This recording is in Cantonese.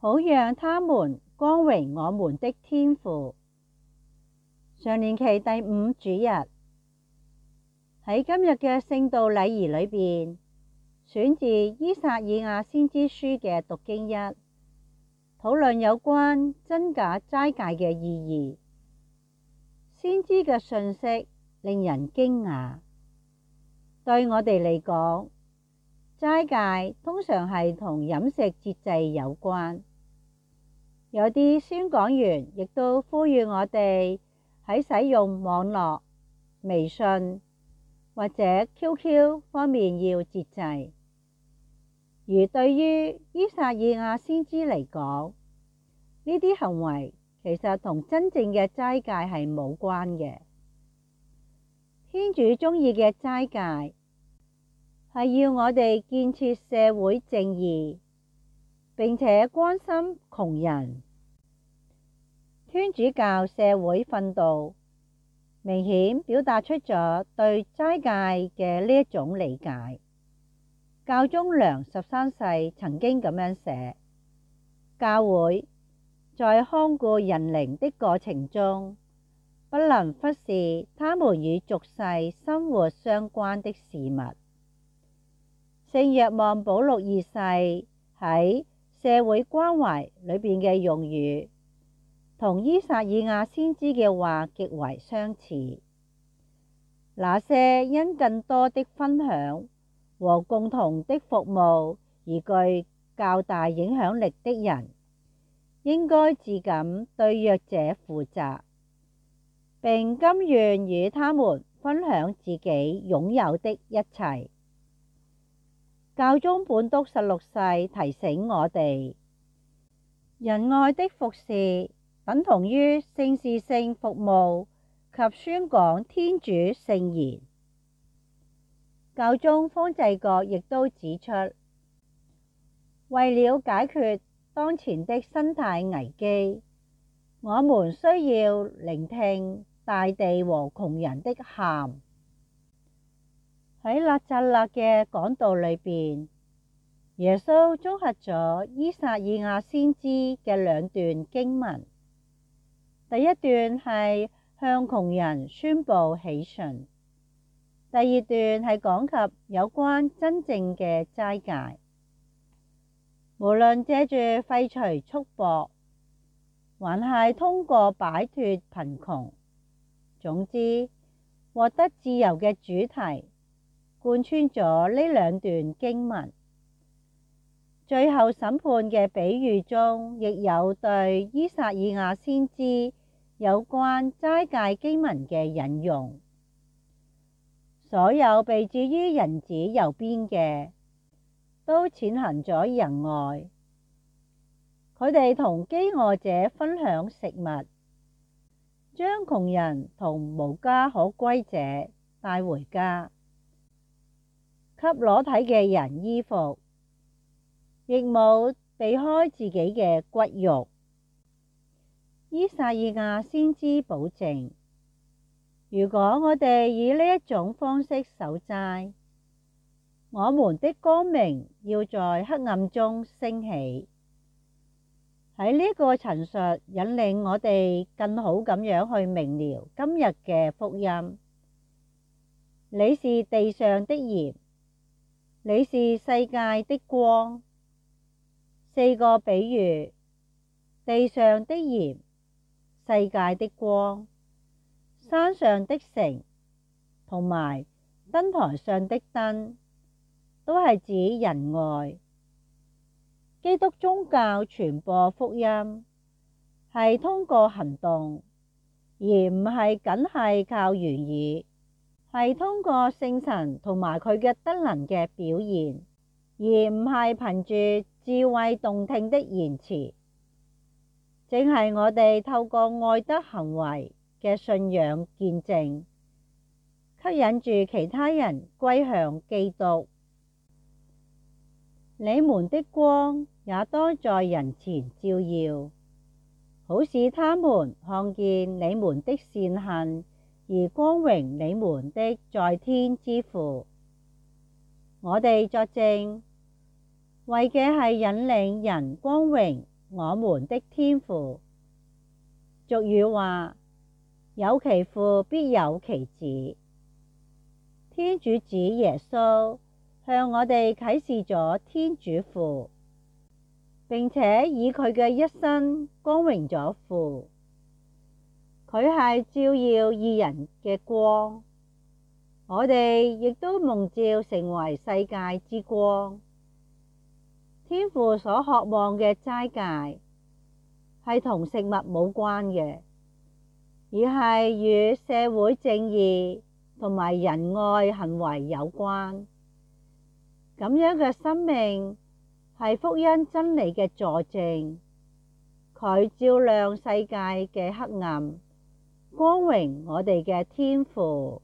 好讓他們光榮我們的天父。常年期第五主日喺今日嘅聖道禮儀裏邊，選自《依撒意亞先知書》嘅讀經一，討論有關真假齋戒嘅意義。先知嘅信息令人驚訝，對我哋嚟講。齋戒通常係同飲食節制有關，有啲宣講員亦都呼籲我哋喺使用網絡、微信或者 QQ 方面要節制。而對於依撒意亞先知嚟講，呢啲行為其實同真正嘅齋戒係冇關嘅。天主鍾意嘅齋戒，係要我哋建設社會正義，並且關心窮人。天主教社會訓導明顯表達出咗對齋戒嘅呢一種理解。教宗良十三世曾經咁樣寫：教會在看顧人靈的過程中，不能忽視他們與俗世生活相關的事物。聖若望保祿二世喺社會關懷裏邊嘅用語，同依撒意亞先知嘅話極為相似。那些因更多的分享和共同的服務而具較大影響力的人，應該自感對弱者負責，並甘願與他們分享自己擁有的一切。教宗本篤十六世提醒我哋，仁愛的服侍等同於聖事性服務及宣講天主聖言。教宗方濟各亦都指出，為了解決當前的生態危機，我們需要聆聽大地和窮人的喊。喺納匝肋嘅講道裏邊，耶穌綜合咗依撒意亞先知嘅兩段經文。第一段係向窮人宣布喜訊，第二段係講及有關真正嘅齋戒。無論借住廢除束縛，還係通過擺脫貧窮，總之獲得自由嘅主題。貫穿咗呢兩段經文，最後審判嘅比喻中，亦有對依撒意亞先知有關齋戒經文嘅引用。所有被置於人子右邊嘅，都踐行咗仁愛。佢哋同飢餓者分享食物，將窮人同無家可歸者帶回家。給裸體嘅人衣服，亦冇避開自己嘅骨肉。依撒意亞先知保證：如果我哋以呢一種方式守齋，我們的光明要在黑暗中升起。喺呢個陳述引領我哋更好咁樣去明了今日嘅福音。你是地上的鹽。你是世界的光，四個比喻：地上的鹽、世界的光、山上的城，同埋燈臺上的燈，都係指仁愛。基督宗教傳播福音，係通過行動，而唔係僅係靠言語。係通過聖神同埋佢嘅德能嘅表現，而唔係憑住智慧動聽的言辭。正係我哋透過愛德行為嘅信仰見證，吸引住其他人歸向基督。你們的光也當在人前照耀，好使他們看見你們的善行。而光榮你們的在天之父，我哋作證，為嘅係引領人光榮我們的天父。俗語話：有其父必有其子。天主子耶穌向我哋啟示咗天主父，並且以佢嘅一生光榮咗父。佢係照耀義人嘅光，我哋亦都蒙召成為世界之光。天父所渴望嘅齋戒係同食物冇關嘅，而係與社會正義同埋仁愛行為有關。咁樣嘅生命係福音真理嘅佐證，佢照亮世界嘅黑暗。光榮我哋嘅天父。